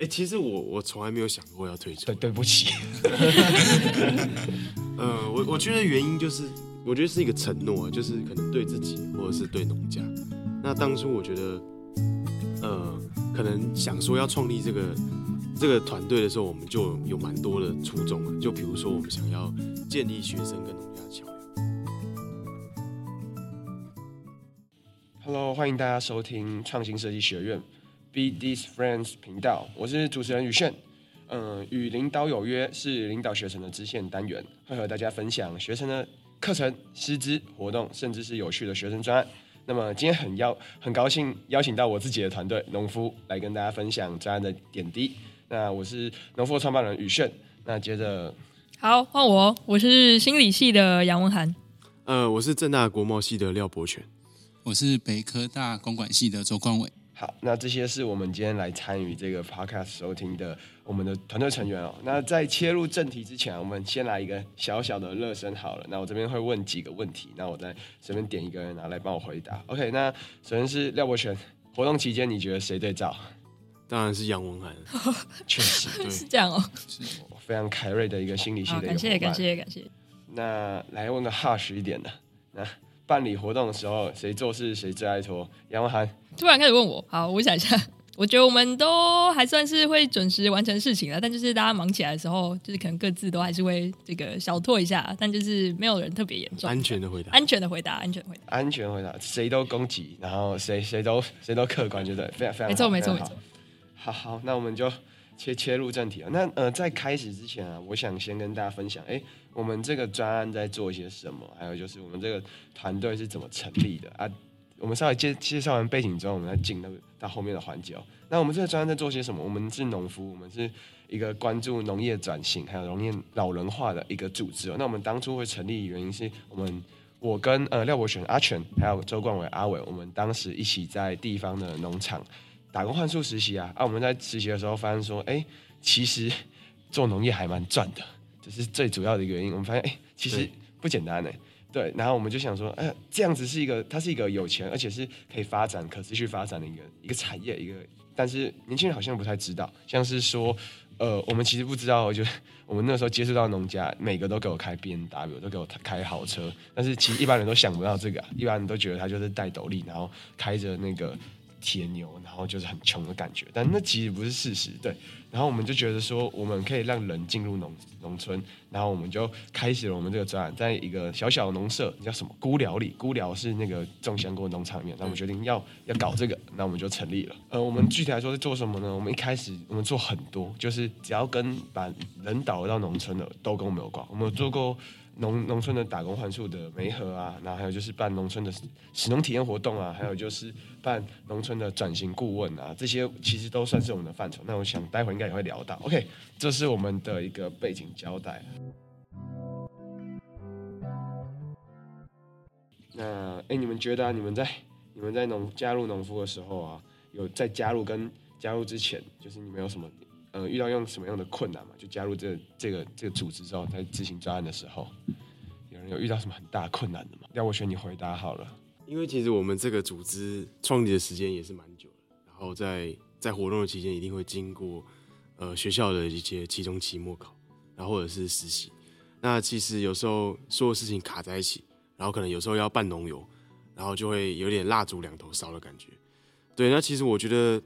欸、其實我我從來沒有想過要退出。對，對不起。 呃，我我覺得原因就是，我覺得是一個承諾，啊，就是可能對自己或者是對農家。那當初我覺得，呃，可能想說要創立這個這個團隊的時候，我們就有蠻多的初衷，啊、就比如說，我們想要建立學生跟農家的橋樑。Hello，歡迎大家收聽創新設計學院 BDS Friends 頻道，我是主持人羽鉉。嗯、呃，與領導有約是領導學程的支線單元，會和大家分享學生的課程、師資、活動，甚至是有趣的學生專案。那麼今天很邀，很高興邀請到我自己的團隊農孵來跟大家分享專案的點滴。那我是農孵創辦人羽鉉。那接着，好換我，我是心理系的楊文涵。呃，我是政大國貿系的廖博全。我是北科大公管系的周光偉。好，那這些是我們今天來參與這個 podcast 收聽的我們的團隊成員哦、喔。那在切入正題之前、啊，我們先來一個小小的熱身好了。那我這邊會問幾個問題，那我再隨便點一個人然後來幫我回答。OK，那首先是廖博全，活動期間你覺得誰最罩？當然是楊文涵，確實，是這樣哦、喔，非常凱瑞的一個心理系的好。感謝感謝感謝。感謝那來問個 hard 一點的，那。辦理活動的時候，誰做事誰最愛拖？楊文突然開始問我，好，我想一下，我覺得我們都還算是會準時完成事情了，但就是大家忙起來的時候，就是可能各自都還是會這個小拖一下，但就是沒有人特別嚴重。安全，啊、安全的回答，安全的回答，安全回答，安全回答，誰都攻擊，然後誰誰都誰都客觀就對，就是非常非常沒錯沒錯沒錯。好好，好，那我們就切切入正題啊，那呃在開始之前啊，我想先跟大家分享，誒、欸，我們這個專案在做一些什麼，還有就是我們這個團隊是怎麼成立的啊？我們稍微介介紹完背景之後，我們來進到到後面的環節哦。那我們這個專案在做些什麼？我們是農孵，我們是一個關注農業轉型還有農業老人化的一個組織哦。那我們當初會成立的原因是我們我跟呃廖柏全，阿全，還有周冠偉阿偉，我們當時一起在地方的農場。打工換宿實習啊啊。我們在實習的時候發現說，哎、欸，其實做農業還蠻賺的，這、就是最主要的原因。我們發現，哎、欸，其實不簡單的、欸、對，對。然後我們就想說，哎、欸，這樣子是一個，它是一個有錢，而且是可以發展、可持續發展的一個一個產業，一個。但是年輕人好像不太知道，像是說，呃，我們其實不知道，就是我們那時候接觸到農家，每個都給我開 B M W，都給我開豪車。但是其實一般人都想不到這個、啊，一般人都覺得他就是戴斗笠，然後開着那個。鐵牛，然後就是很窮的感覺，但那其實不是事實，對。然後我們就覺得說，我們可以讓人進入農農村，然後我們就開始了我們這個專案，在一個小小的農舍，叫什麼孤寮裡，孤寮是那個種香菇的農場裡面，那我們決定要要搞這個，那我們就成立了。呃，我們具體來說是做什麼呢？我們一開始我們做很多，就是只要跟把人導了到農村的都跟我們有關。我們做過。農農村的打工換宿的媒合啊，然後還有就是辦農村的，食農體驗活動啊，還有就是辦農村的轉型顧問啊，這些其實都算是我們的範疇。那我想待會應該也會聊到。OK，這是我們的一個背景交代。那哎，你們覺得啊，你們在你們在農加入農孵的時候啊，有在加入跟加入之前，就是你們有什麼？呃，遇到用什麼樣的困難嘛？就加入這個、這個這個組織之後，在執行專案的時候，有人有遇到什麼很大的困難的嗎？要我選你回答好了。因為其實我們這個組織創立的時間也是蠻久的，然後在在活動的期間一定會經過，呃，學校的一些期中、期末考，然後或者是實習。那其實有時候所有事情卡在一起，然後可能有時候要辦農遊，然後就會有點蠟燭兩頭燒的感覺。對，那其實我覺得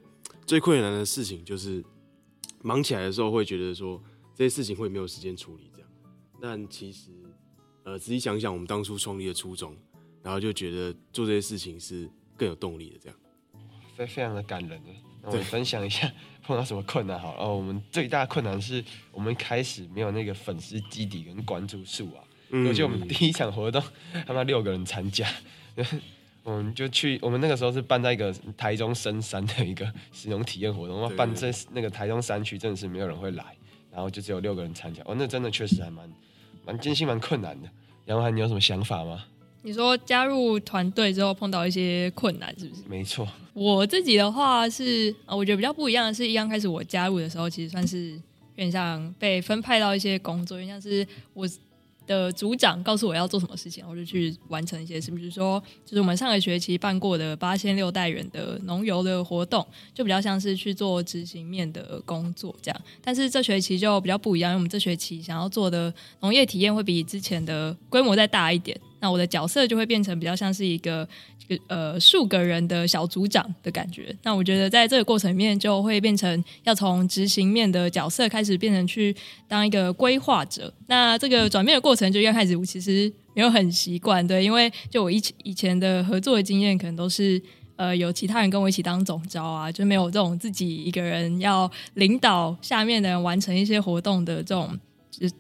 最困難的事情就是。忙起來的時候會覺得說，這些事情會沒有時間處理這樣，但其實，呃，仔細想想我們當初創立的初衷，然後就覺得做這些事情是更有動力的這樣。非非常的感人啊！那我們分享一下對碰到什麼困難好了。哦、我們最大的困難是我們開始沒有那個粉絲基底跟關注數啊，覺得、嗯、我，我們第一場活動他們六個人參加。 我們就去，我們那個時候是辦在一個台中深山的一個食農體驗活動，我們辦在那個台中山區，真的是沒有人會來，然後就只有六個人參加，哦，那真的確實還蠻蠻艱辛，蠻困難的。楊後涵，你有什麼想法嗎？你說加入團隊之後碰到一些困難，是不是？沒錯，我自己的話是，啊，我覺得比較不一樣的是一剛開始我加入的時候，其實算是，有點像被分派到一些工作，有點像是我。的組長告訴我要做什麼事情，我就去完成一些事，比如說，就是我們上個學期辦過的八千六百元的農遊的活動，就比較像是去做執行面的工作這樣。但是這學期就比較不一樣，因為我們這學期想要做的農業體驗會比之前的規模再大一點。那我的角色就會變成比較像是一個呃數個人的小組長的感覺。那我覺得在這個過程裡面，就會變成要從執行面的角色開始，變成去當一個規劃者。那這個轉變的過程，就一開始我其實沒有很習慣對，因為就我以以前的合作的經驗，可能都是呃有其他人跟我一起當總召啊，就沒有這種自己一個人要領導下面的人完成一些活動的這種。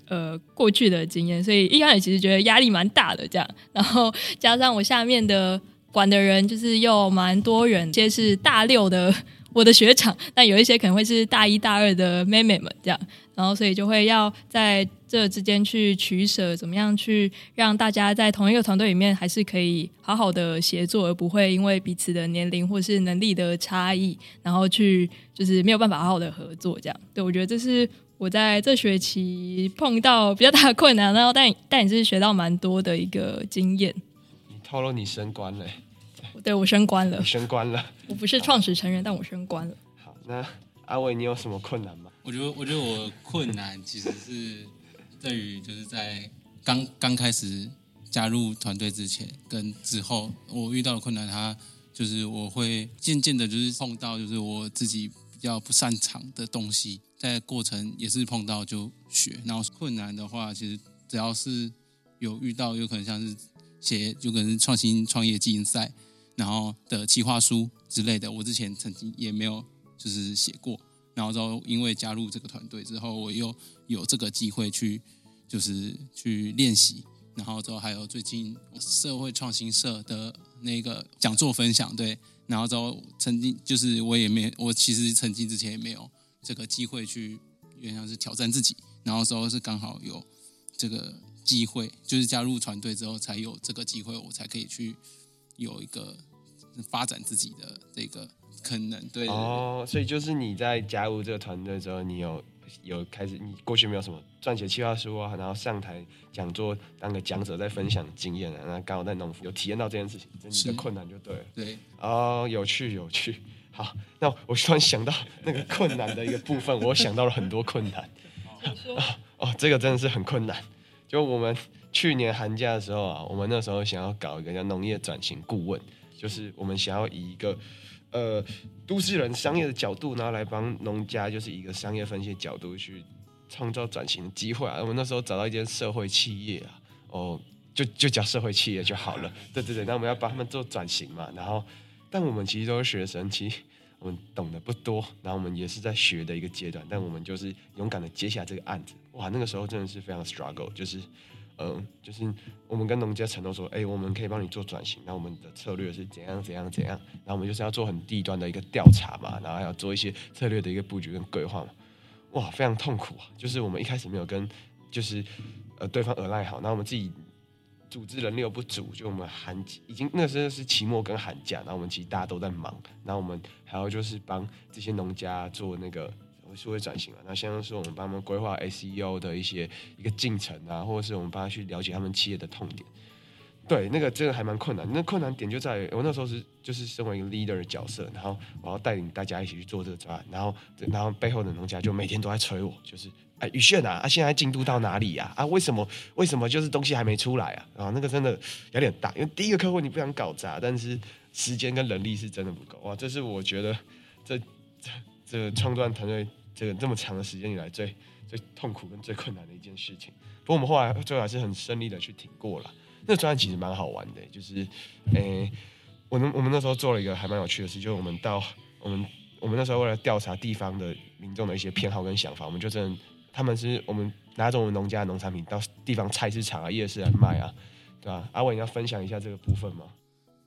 呃，過去的經驗，所以一開始其實覺得壓力蠻大的，這樣。然後加上我下面的管的人，就是又蠻多人，一些是大六的我的學長，但有一些可能會是大一大二的妹妹們，這樣。然後所以就會要在這之間去取捨，怎麼樣去讓大家在同一個團隊裡面還是可以好好的協作，而不會因為彼此的年齡或是能力的差異，然後去就是沒有辦法好好的合作，這樣。對我覺得這是。我在這學期碰到比較大的困難，然後但但也是學到蠻多的一個經驗。你透露你升官了？對，對，我升官了。你升官了？我不是創始成員，好但我升官了。好，那阿偉，你有什麼困難嗎？我覺得，我覺得我困難其實是在於就是在剛剛開始加入團隊之前跟之後，我遇到的困難，它就是我會漸漸的，就是碰到就是我自己比較不擅長的東西。在過程也是碰到就學，然後困難的話，其實只要是有遇到，有可能像是寫，有可能是創新創業競賽，然後的企劃書之類的，我之前曾經也沒有就是寫過，然後之後因為加入這個團隊之後，我又有這個機會去就是去練習，然後之後還有最近社會創新社的那個講座分享，對，然後之後曾經就是我也沒，我其實曾經之前也沒有。這個機會去，原來是挑戰自己，然後之後是剛好有這個機會，就是加入團隊之後才有這個機會，我才可以去有一個發展自己的這個可能，對，對，對。哦，oh, 所以就是你在加入這個團隊之後，你有有開始，你過去沒有什麼撰寫計劃書啊，然後上台講座當個講者在分享經驗啊，然後剛好在農孵有體驗到這件事情真的困難就對了。對。哦、oh，有趣有趣。好，那我突然想到那個困難的一個部分，我想到了很多困難哦，哦，這個真的是很困難。就我們去年寒假的時候啊，我們那時候想要搞一個叫農業轉型顧問，就是我們想要以一個呃都市人商業的角度，然後來幫農家就是一個商業分析的角度去創造轉型的機會啊。我們那時候找到一間社會企業啊，哦，就就叫社會企業就好了。對對對，那我們要幫他們做轉型嘛，然後。但我們其實都是學生，其實我們懂得不多，然後我們也是在學的一個階段。但我們就是勇敢的接下這個案子，哇，那個時候真的是非常 struggle，就是，嗯，就是我們跟農家承諾說，哎、欸，我們可以幫你做轉型，那我們的策略是怎樣怎樣怎樣，然後我們就是要做很地段的一個調查嘛，然後還要做一些策略的一個佈局跟規劃嘛，哇，非常痛苦啊，就是我們一開始沒有跟就是呃對方而賴好，那我們自己。組織人力又不足，就我們寒已經那個、時候是期末跟寒假，然後我們其實大家都在忙，然後我們還要就是幫這些農家做那個數位轉型了，啊，那像是我們幫他們規劃 SEO 的一些一個進程啊，或者是我們幫他們去了解他們企業的痛點。對，那個真的還蠻困難，那個，困難點就在於我那時候是就是身為一個 leader 的角色，然後我要帶領大家一起去做這個專案，然後然後背後的農家就每天都在催我，就是。哎、羽鉉啊，啊，現在進度到哪裡呀、啊？啊，為什麼為什麼就是東西還沒出來啊？啊，那個真的有點大，因為第一個客戶你不想搞砸，但是時間跟人力是真的不夠哇！這是我覺得這這這，這，這個創作團隊這個這麼長的時間以來最最痛苦跟最困難的一件事情。不過我們後來最後還是很順利的去挺過了。那專、個、案其實蠻好玩的、欸，就是誒、欸，我們我們那時候做了一個還蠻有趣的事，就是我們到我們我們那時候為了調查地方的民眾的一些偏好跟想法，我們就真。他們是我們拿着我們農家的農產品到地方菜市場啊、夜市來、啊、賣啊，對吧、啊？阿偉，你要分享一下這個部分嗎？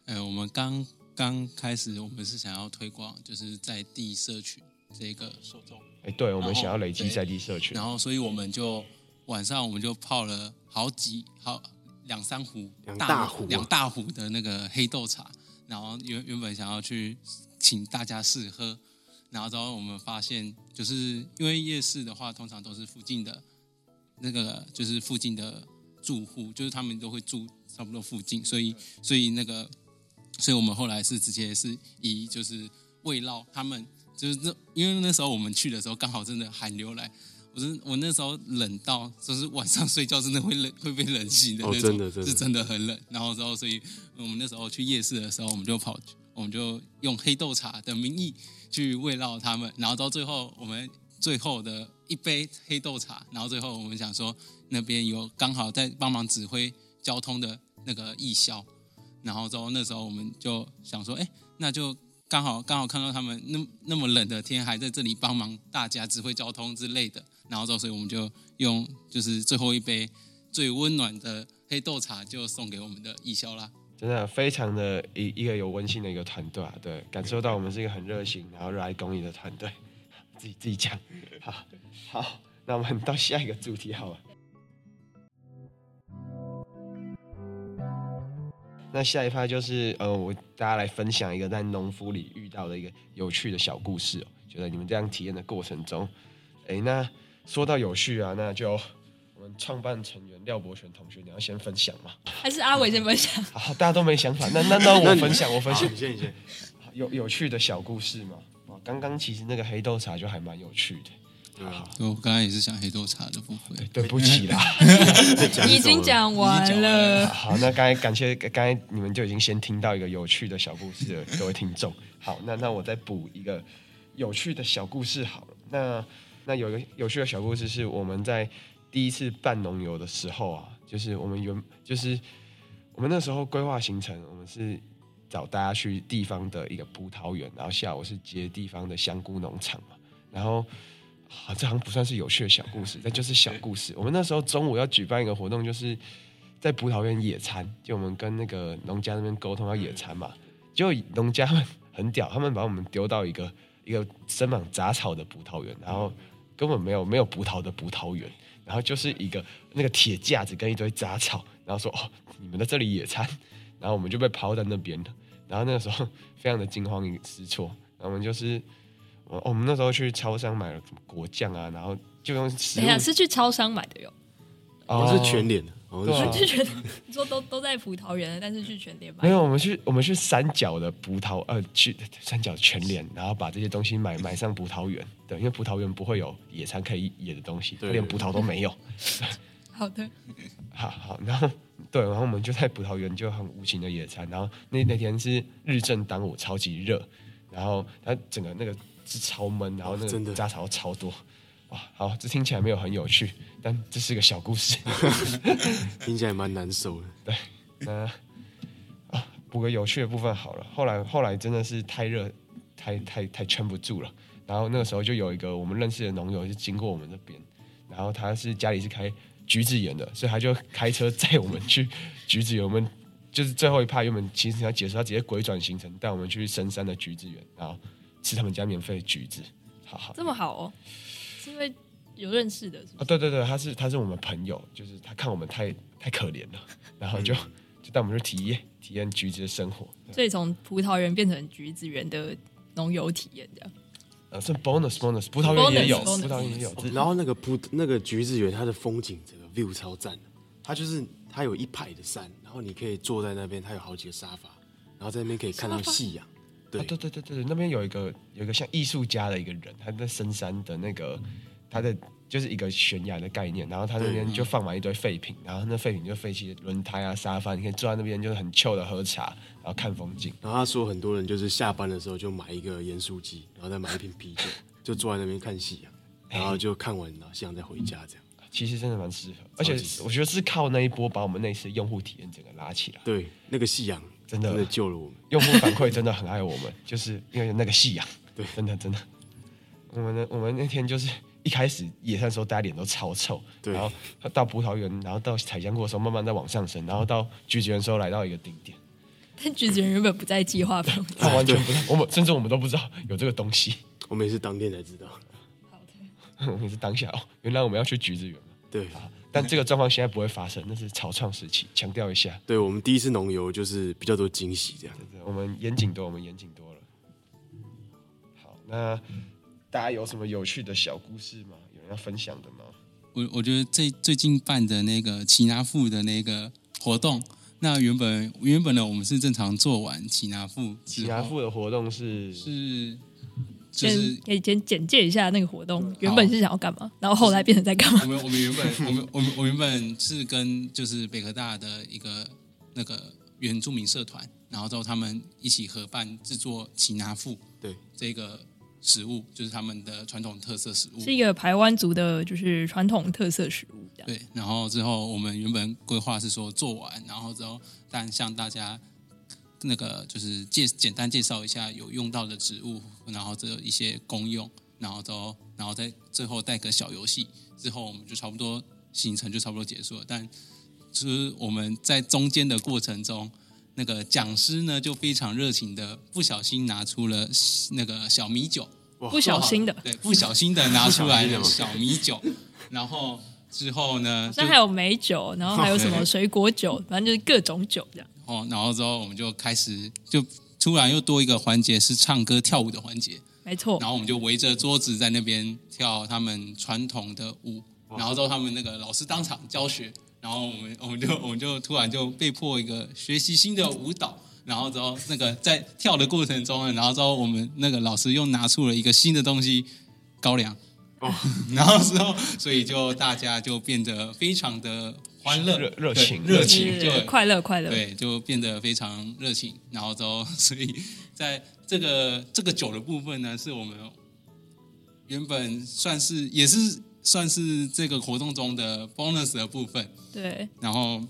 欸、我們剛剛開始，我們是想要推廣就是在地社群這個受眾哎，對，我們想要累積在地社群。然後，所以我們就晚上我們就泡了好幾好兩三壺、兩大壺、兩大壺、啊、的那個黑豆茶，然後原原本想要去請大家試喝。然後之後，我們發現，就是因為夜市的話，通常都是附近的那個，就是附近的住戶，就是他們都會住差不多附近，所以，所以那個，所以我們後來是直接是以就是慰勞他們，就是那因為那時候我們去的時候，剛好真的寒流來，我真我那時候冷到就是晚上睡覺真的會冷會被冷醒的那種，是真的很冷。然後之後，所以我們那時候去夜市的時候，我們就跑，我們就用黑豆茶的名義。去慰勞他們，然後到最後我們最後的一杯黑豆茶，然後最後我們想說那邊有剛好在幫忙指揮交通的那個義消，然後之後那時候我們就想說，哎，那就剛好剛好看到他們那那麼冷的天還在這裡幫忙大家指揮交通之類的，然後之後所以我們就用就是最後一杯最溫暖的黑豆茶就送給我們的義消啦。真的、啊、非常的一一個有溫馨的一個團隊啊，對，感受到我們是一個很熱情，然後熱愛公益的團隊，自己自己講，好，好，那我們到下一個主題好了， 那下一趴就是呃，我大家來分享一個在農孵裡遇到的一個有趣的小故事哦，就在你們這樣體驗的過程中，哎，那說到有趣啊，那就。創辦成員廖博玄同學，你要先分享嗎？還是阿偉先分享？好，大家都沒想法，那那那我分享，我分享，先先。有有趣的小故事嗎？剛剛其實那個黑豆茶就還蠻有趣的，對吧？我剛剛也是講黑豆茶的不會對不起啦，已經講完了。好，那剛才感謝剛才你們就已經先聽到一個有趣的小故事各位聽眾。好，那那我再補一個有趣的小故事。好了，那那有個有趣的小故事是我們在。第一次辦農遊的時候啊，就是我們原，就是我們那時候規劃行程，我們是找大家去地方的一個葡萄園，然後下午是接地方的香菇農場嘛。然後，啊，這好像不算是有趣的小故事，那就是小故事。我們那時候中午要舉辦一個活動，就是在葡萄園野餐，就我們跟那個農家那邊溝通要野餐嘛。結果農家們很屌，他們把我們丟到一個一個生滿雜草的葡萄園，然後根本沒有沒有葡萄的葡萄園。然後就是一個那個鐵架子跟一堆雜草，然後說：“哦，你們在這裡野餐。”然後我們就被拋在那邊了。然後那個時候非常的驚慌失措。然後我們就是，我、哦、我們那時候去超商買了什麼果醬啊，然後就用是啊，是去超商買的喲，我、哦、樣是全聯的。啊、我們就覺得，你說都都在葡萄園，但是去全聯吧？沒有，我們去我們去三角的葡萄，呃，去三角全聯，然後把這些東西買買上葡萄園。對，因為葡萄園不會有野餐可以野的東西，對連葡萄都沒有。對 好的，好好，然後對，然後我們就在葡萄園就很無情的野餐。然後那那天是日正當午超級熱，然後它整個那個是超悶，然後真的雜草超多。啊哇、哦，好，這聽起來沒有很有趣，但這是個小故事， 聽起來蠻難受的。對，那不過有趣的部分好了，後來後來真的是太熱，太太太撐不住了。然後那個時候就有一個我們認識的農友就經過我們那邊，然後他是家裡是開橘子園的，所以他就開車載我們去橘子園。我們就是最後一趴，原本其實想解說，他直接鬼轉行程帶我們去深山的橘子園，然後吃他們家免費的橘子。好好，這麼好哦。是因為有認識的是嗎？哦，對對對，他是他是我們朋友，就是他看我們太太可憐了，然後就 就帶我們去體驗體驗橘子的生活，所以從葡萄園變成橘子園的農遊體驗這樣。呃，算 bonus bonus，葡萄園也有，bonus, 葡萄園也有。然後那個葡那個橘子園，它的風景這個 view 超讚的，它就是它有一排的山，然後你可以坐在那邊，它有好幾個沙發，然後在那邊可以看到夕陽。對對對對對，那邊有一個有一個像藝術家的一個人，他在深山的那個，嗯、他的就是一個懸崖的概念，然後他那邊就放滿一堆廢品，對然後那廢品就廢棄輪胎啊、沙發，你可以坐在那邊就是很 chill 的喝茶，然後看風景。然後他說很多人就是下班的時候就買一個鹽酥雞，然後再買一瓶啤酒， 就坐在那邊看夕陽，然後就看完了夕陽再回家這樣。欸、其實真的蠻適合，合而且我覺得是靠那一波把我們那時的用戶體驗整個拉起來。對，那個夕陽。真的，真的救了我們！用戶反饋真的很愛我們， 就是因為那個夕陽。對，真的真的。我們呢？我們那天就是一開始野餐的時候，大家臉都超臭。對。然後到葡萄園，然後到採漿果的時候，慢慢再往上升，然後到橘子園的時候來到一個頂點。但橘子園原本不在計劃當中。它完全不在。對我們甚至我們都不知道有這個東西。我們也是當天才知道。好的。我們也是當下哦，原來我們要去橘子園了。對。但這個狀況現在不會發生，那是草創時期。強調一下，對我們第一次農遊就是比較多驚喜這樣子，對對對。我們嚴謹多，我們嚴謹多了。好，那大家有什麼有趣的小故事嗎？有人要分享的嗎？我我覺得最最近辦的那個奇拿富的那個活動，那原本原本的我們是正常做完奇拿富，奇拿富的活動是是。就是可以簡簡介一下那個活動，原本是想要幹嘛，好然後後來變成在幹嘛，就是？我們我們原本 我們我們我們原本是跟就是北科大的一個那個原住民社團，然後之後他們一起合辦制作奇拿富對這個食物，對就是他們的傳統特色食物，是一個排灣族的，就是傳統特色食物。對，然後之後我們原本規劃是說做完，然後之後但向大家。那個就是介簡單介紹一下有用到的植物，然後這一些功用，然後都，然後再最後帶個小遊戲，之後我們就差不多行程就差不多結束了。但其實我們在中間的過程中，那個講師呢就非常熱情的，不小心拿出了那個小米酒，哇不小心的，對，不小心的拿出來的小米酒， 然後之後呢，那還有美酒，然後還有什麼水果酒，反正、哦、對就是各種酒這樣。哦，然後之後我們就開始，就突然又多一個環節是唱歌跳舞的環節，沒錯。然後我們就圍着桌子在那邊跳他們傳統的舞，哇然後之後他們那個老師當場教學，然後我們我們就我們就突然就被迫一個學習新的舞蹈，然後之後那個在跳的過程中，然後之後我們那個老師又拿出了一個新的東西——高粱。哦， 然後之後，所以就大家就變得非常的。歡樂是熱、熱情、對熱情，就是快樂、快樂，對，就變得非常熱情，然後就所以在這個這個酒的部分呢，是我們原本算是也是算是這個活動中的 bonus 的部分。對，然後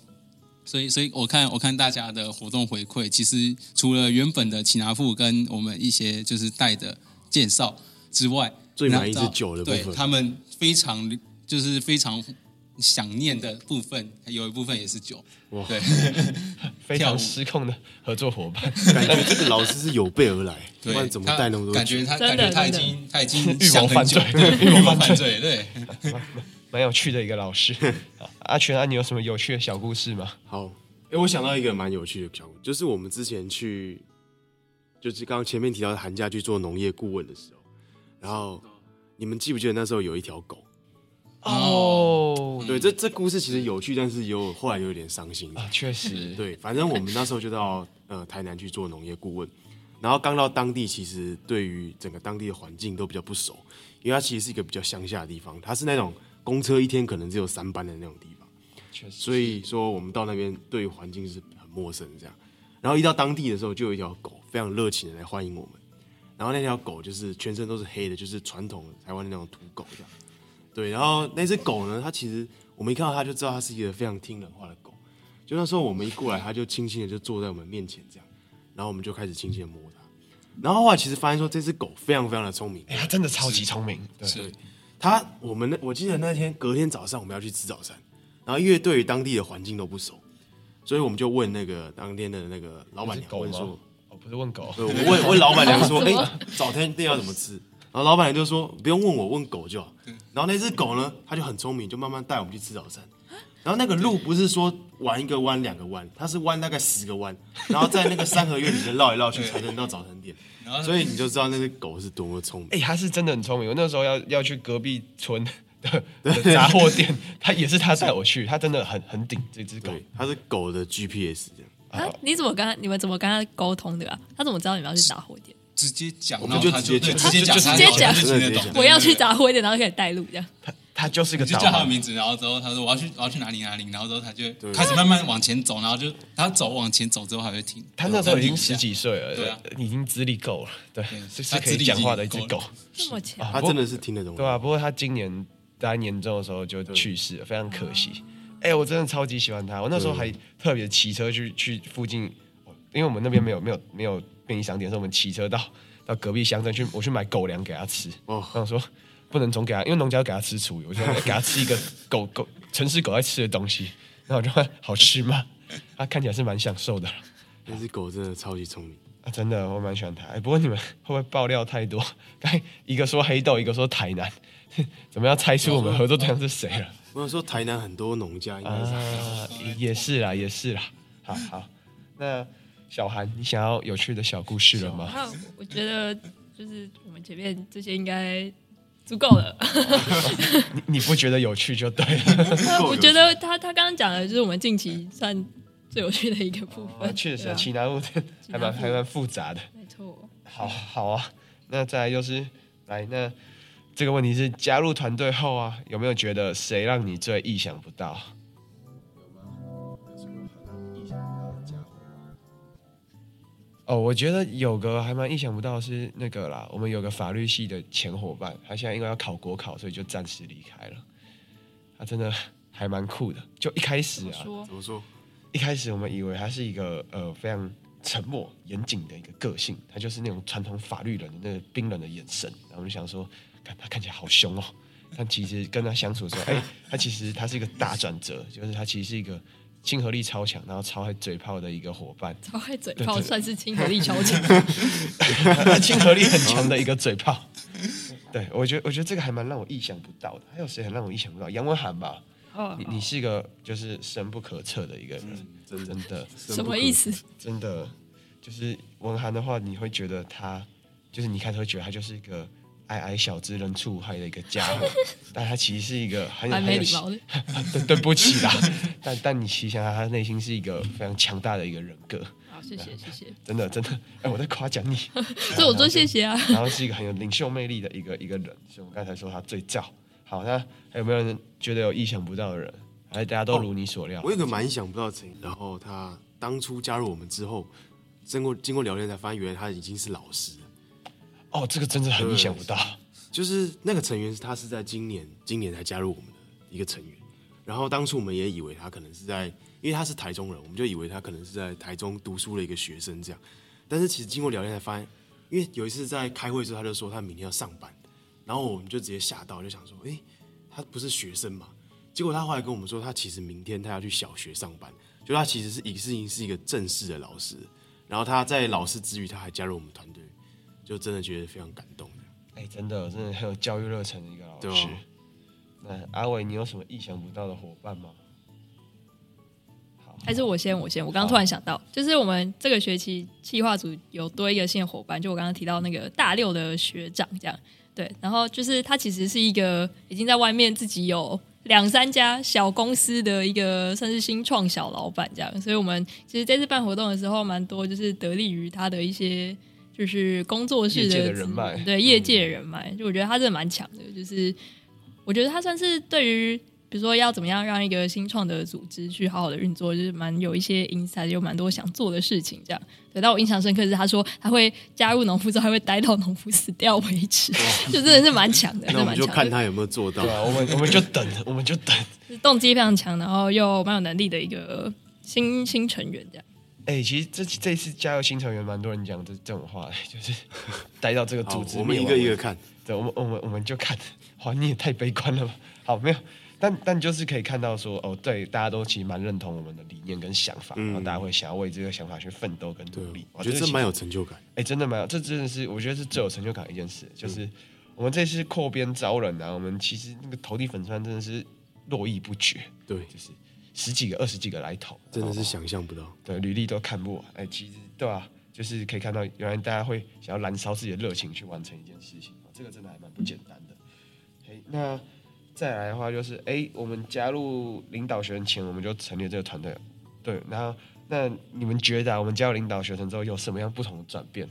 所以所以我看我看大家的活動回饋，其實除了原本的起拿付跟我們一些就是帶的介紹之外，最滿意是酒的部分，他們非常就是非常。想念的部分還有一部分也是酒，哇，對，非常失控的合作夥伴，感覺這個老師是有備而來，對，不然怎麼帶那麼多？感覺他感覺他已經他已經預防犯罪，預防犯罪，對，蠻有趣的一個老師。阿全啊，你有什麼有趣的小故事嗎？好，哎，我想到一個蠻有趣的小故事，就是我們之前去，就是剛剛前面提到寒假去做農業顧問的時候，然後你們記不記得那時候有一條狗？哦，oh, 對，這這故事其實有趣，但是又後來又有點傷心。啊，確實。對，反正我們那時候就到呃台南去做農業顧問，然後剛到當地，其實對於整個當地的環境都比較不熟，因為它其實是一個比較鄉下的地方，它是那種公車一天可能只有三班的那種地方。確實。所以說我們到那邊對於環境是很陌生這樣，然後一到當地的時候，就有一條狗非常熱情的來歡迎我們，然後那條狗就是全身都是黑的，就是傳統台灣的那種土狗這樣。對，然後那隻狗呢，它其實我們一看到它就知道它是一個非常聽人話的狗。就那時候我們一過來，它就輕輕的就坐在我們面前這樣，然後我們就開始輕輕的摸它。然後後來其實發現說這隻狗非常非常的聰明。它、欸、真的超級聰明。是對，是它我們那我記得那天對隔天早上我們要去吃早餐，然後因為對於當地的環境都不熟，所以我們就問那個當天的那個老板娘，問說：哦，不是問狗，對我問問老板娘說，哎 麼，早餐一定要怎麼吃？然後老板就說：“不用問我，問狗就好。”然後那只狗呢，它就很聰明，就慢慢帶我們去吃早餐。然後那個路不是說彎對一個彎兩個彎，它是彎大概十個彎，然後在那個三合院裡面繞一繞去對對對才能到早餐店。對對所以你就知道那只狗是多麼聰明。哎，它是真的很聰明。我那時候要要去隔壁村的雜貨對店，它也是它帶我去，對它真的很很頂這只狗。它是狗的 GPS。這樣。啊？你怎麼跟他你們怎麼跟他溝通的啊？他怎麼知道你們要去雜貨店？直接講，然後就直接講，直接講，直接懂。我要去找灰的，然後可以帶路，這樣。他他就是一個導航。就叫他名字，然後之後他說我要去我要去哪裡哪裡，然後之後他就開始慢慢往前走，然後就然後走往前走之後還會停。他那時候已經十幾歲了，對啊，已經資歷夠了，對，是可以講話的一只狗。這麼強，他真的是聽得懂。對啊，不過他今年在年終的時候就去世了，非常可惜。哎，我真的超級喜歡他，我那時候還特別騎車去去附近，因為我們那邊沒有沒有沒有。便利商店的時候，我們騎車到到隔壁鄉鎮去，我去買狗糧給它吃。Oh. 然後說不能總給它，因為農家給它吃廚餘，我說給它吃一個狗 狗城市狗愛吃的東西。然後我就問好吃嗎？它，啊，看起來是蠻享受的。那隻狗真的超級聰明啊！真的，我蠻喜歡它。哎、欸，不過你們會不會爆料太多？一個說黑豆，一個說台南，怎麼樣要猜出我們合作對象是誰了？我有說，說台南很多農家應該是啊，也是啦，也是啦。是啦好好，那。小韓，你想要有趣的小故事了嗎？啊、我覺得就是我們前面這些應該足夠了 你。你不覺得有趣就對了。 啊、我覺得他他剛剛講的就是我們近期算最有趣的一個部分。哦、確實，其他部分還蠻還蠻複雜的。沒錯。好，好啊。那再來就是來那這個問題是加入團隊後啊，有沒有覺得誰讓你最意想不到？哦，我覺得有個還蠻意想不到的是那個啦，我們有個法律系的前夥伴，他現在因為要考國考，所以就暫時離開了。他真的還蠻酷的，就一開始啊，怎麼說？一開始我們以為他是一個呃非常沉默嚴謹的一個個性，他就是那種傳統法律人的那個冰冷的眼神，然後我們就想說，看他看起來好凶哦，但其實跟他相處的時候，哎、欸，他其實他是一個大轉折，就是他其實是一個。親和力超強，然後超愛嘴炮的一個夥伴，超愛嘴炮，對對對，算是親和力超強，親 和力很強的一個嘴炮。 對，我覺得，我覺得這個還蠻讓我意想不到的。還有誰還讓我意想不到楊文涵吧，哦、你你是一個就是深不可測的一個人，嗯、真的什麼意思真的就是文涵的話，你會覺得他就是你開頭會覺得他就是一個。矮矮小隻人畜無害的一個家伙，但他其實是一個很有很有對對不起啦，但但你其實想想他內心是一個非常強大的一個人格。好，謝謝謝謝，真的真的，哎，我在誇獎你，所以我說謝謝啊。然後是一個很有領袖魅力的一個一個人，就我剛才說他最照。好，那還有沒有人覺得有意想不到的人？哎，大家都如你所料？我有個蠻意想不到的，然後他當初加入我們之後，經過經過聊天才發現，原來他已經是老師。哦，這個真的很意想不到。就是那個成員是他是在今年，今年才加入我們的一個成員。然後當初我們也以為他可能是在，因為他是台中人，我們就以為他可能是在台中讀書的一個學生這樣。但是其實經過聊天才發現，因為有一次在開會的時候，他就說他明天要上班，然後我們就直接嚇到，就想說，哎、欸，他不是學生嘛？結果他後來跟我們說，他其實明天他要去小學上班，就他其實是已經是一個正式的老師。然後他在老師之餘，他還加入我們團隊。就真的覺得非常感動。哎、欸，真的，真的很有教育熱忱的一個老師。哦，那阿偉，你有什麼意想不到的夥伴嗎？好，好還是我先，我先。我剛剛突然想到，好就是我們這個學期計劃組有多一個新的夥伴，就我剛剛提到那個大六的學長這樣。對，然後就是他其實是一個已經在外面自己有兩三家小公司的一個算是新創小老板這樣。所以我們其實這次辦活動的時候，蠻多就是得力於他的一些。就是工作室的、業界的人脈，對、嗯、業界的人脈，就我覺得他真的蠻強的。就是我覺得他算是對於比如說要怎麼樣讓一個新創的組織去好好的運作，就是蠻有一些 inside，有蠻多想做的事情這樣。對，但我印象深刻是他說他會加入農孵之後，他會待到農孵死掉為止，哇就真的是蠻強的。那我們就看他有沒有做到，對我們我們就等，我們就等。就是動機非常強，然後又蠻有能力的一個新新成員這樣。哎、欸，其實這這次加入新成員，蠻多人講這這種話，就是待到這個組織。我們一個一個看，對，我們我們我們就看哇，你也太悲觀了吧。好，沒有，但但就是可以看到說，哦，對，大家都其實蠻認同我們的理念跟想法，嗯、然後大家會想要為這個想法去奮鬥跟努力。對這個、我覺得這蠻有成就感。哎、欸，真的蠻有，這真的是我覺得是最有成就感的一件事，就是、嗯、我們這次擴編招人啊，我們其實那個投遞粉磚真的是絡繹不絕。對，就是。十幾個、二十幾個來投，真的是想象不到。好不好對，欸、對履歷都看不完。哎、欸，其實對吧、啊？就是可以看到，原來大家會想要燃燒自己的熱情去完成一件事情，喔、這個真的還蠻不簡單的。哎、嗯欸，那再來的話就是，哎、欸，我們加入領導學程前，我們就成立這個團隊，對，然後那你們覺得我們加入領導學程之後有什麼樣不同的轉變？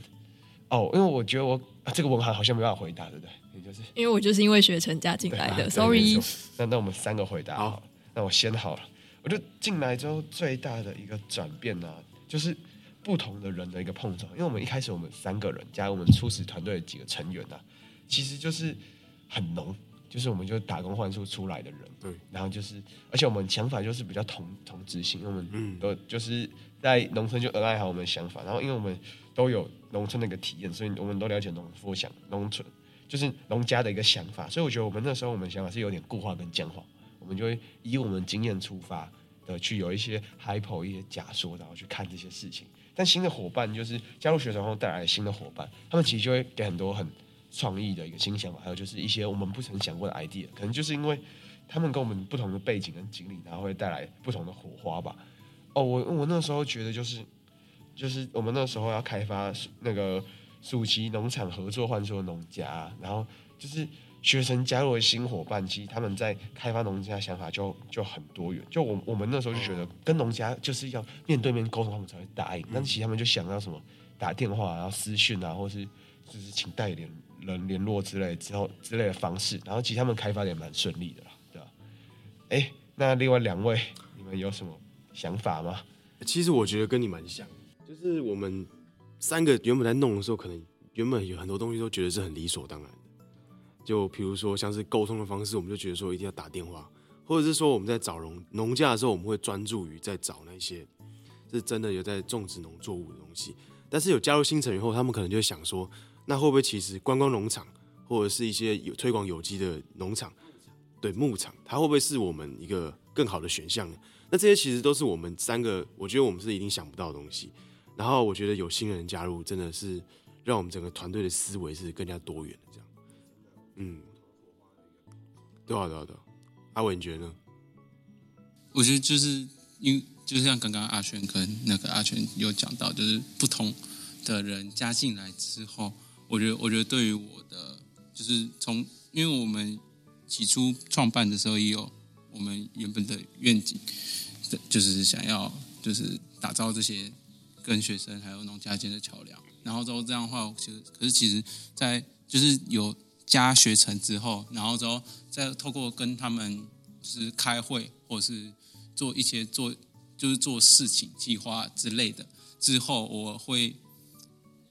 哦、喔，因為我覺得我、啊、這個文涵好像沒辦法回答的，對，不對，也、欸、就是。因為我就是因為學程加進來的對、啊、，Sorry。那那我們三個回答好了，好那我先好了。我就進來之後最大的一個轉變呢、啊，就是不同的人的一個碰撞。因為我們一開始我們三個人，加我們初始團隊的幾個成員呢、啊，其實就是很農，就是我們就打工換宿出來的人。對，然後就是，而且我們想法就是比較同同質性，我們都就是在農村就恩愛好，我們的想法。然後因為我們都有農村那個體驗，所以我們都了解農夫想農村就是農家的一個想法。所以我覺得我們那時候我們想法是有點固化跟僵化。我們就會以我們經驗出發的去有一些 hypo 一些假說，然後去看這些事情。但新的夥伴就是加入學程後帶來的新的夥伴，他們其實就會給很多很創意的一個新想法，還有就是一些我們不曾想過的 idea。可能就是因為他們跟我們不同的背景跟經歷，然後會帶來不同的火花吧。哦，我我那時候覺得就是就是我們那時候要開發那個暑期農場合作換宿農家，然後就是。學生加入了新夥伴，其實他們在開發農家的想法就就很多元。就我們我們那時候就覺得跟農家就是要面對面溝通，他們才會答應。嗯、但其實他們就想到什麼打電話，然後私訊啊，或是就是請代理人聯絡之類之後之類的方式。然後其實他們開發也蠻順利的啦，對吧，啊。哎，那另外兩位，你們有什麼想法嗎？其實我覺得跟你蠻像，就是我們三個原本在弄的時候，可能原本有很多東西都覺得是很理所當然。就比如說，像是溝通的方式，我們就覺得說一定要打電話，或者是說我們在找農農家的時候，我們會專注於在找那些是真的有在種植農作物的東西。但是有加入新城以後，他們可能就會想說，那會不會其實觀光農場或者是一些有推廣有機的農場，對牧場，它會不會是我們一個更好的選項呢？那這些其實都是我們三個，我覺得我們是一定想不到的東西。然後我覺得有新人加入，真的是讓我們整個團隊的思維是更加多元的這樣。嗯，都好的好的，阿偉你覺得呢？我覺得就是因為就像剛剛阿軒跟那個阿全有講到，就是不同的人加進來之後，我覺得我覺得對於我的就是從因為我們起初創辦的時候也有我們原本的願景，就是想要就是打造這些跟學生還有農家間的橋樑，然後之後這樣的話其實可是其實在，在就是有。加學程之後，然後之後再透過跟他們就是開會，或是做一些做就是做事情計劃之類的之後，我會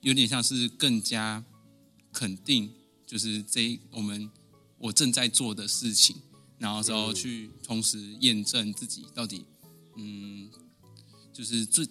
有點像是更加肯定，就是這我們我正在做的事情，然後之後去同時驗證自己到底嗯，就是最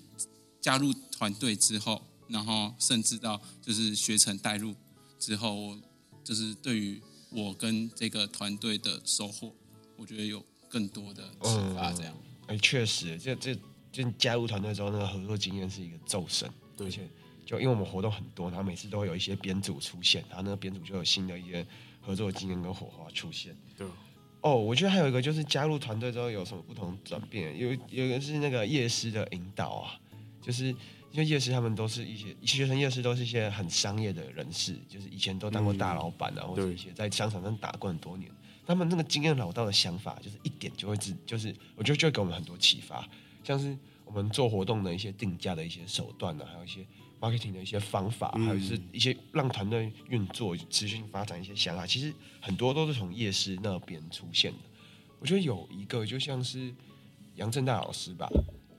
加入團隊之後，然後甚至到就是學程帶入之後。我就是對於我跟這個團隊的收穫，我覺得有更多的啟發。這樣，哎、oh, oh. 欸，確實，這這這加入團隊之後，那個合作經驗是一個驟升。對而且，就因為我們活動很多，然後每次都會有一些編組出現，然後那個編組就有新的一些合作經驗跟火花出現。對哦，oh, 我覺得還有一個就是加入團隊之後有什麼不同轉變？有有一個是那個業師的引導啊，就是。因為夜市，他們都是一些其實，學生夜市都是一些很商業的人士，就是以前都當過大老板啊，嗯、對或者一些在商場上打過很多年，他們那個經驗老道的想法，就是一點就會自，就是我覺得就會給我們很多啟發，像是我們做活動的一些定價的一些手段啊，還有一些 marketing 的一些方法，嗯、還有是一些讓團隊運作持續發展一些想法，其實很多都是從夜市那邊出現的。我覺得有一個就像是楊正大老師吧。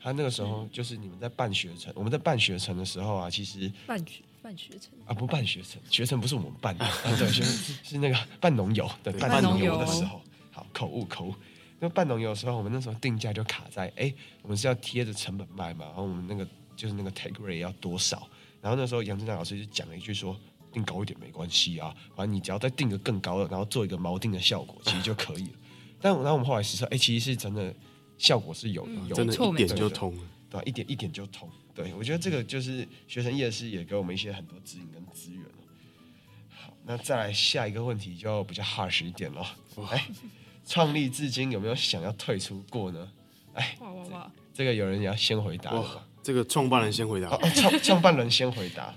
他、啊、那個時候就是你們在辦學程，嗯、我們在辦學程的時候啊，其實辦學辦學程啊，不辦學程，學程不是我們辦的，啊、對，是 是那個辦農孵的，辦農對孵的時候，對好口誤口誤，那辦農孵的時候，我們那時候定價就卡在，哎、欸，我們是要貼着成本賣嘛，然後我們那個就是那個 take rate 要多少，然後那時候楊正亮老師就講了一句說，定高一點沒關係啊，反正你只要再定個更高的，然後做一個錨定的效果，其實就可以了。 但然後我們後來實測，哎、欸，其實是真的。效果是有，真的，一點就通，對，一點一點就通。對我覺得這個就是學生業師也給我們一些很多指引跟資源了。好，那再來下一個問題，就要比較 harsh 一點了。哎，創立至今有沒有想要退出過呢？哎，哇哇哇，這個有人要先回答，這個創辦人先回答，哦，創創辦人先回答。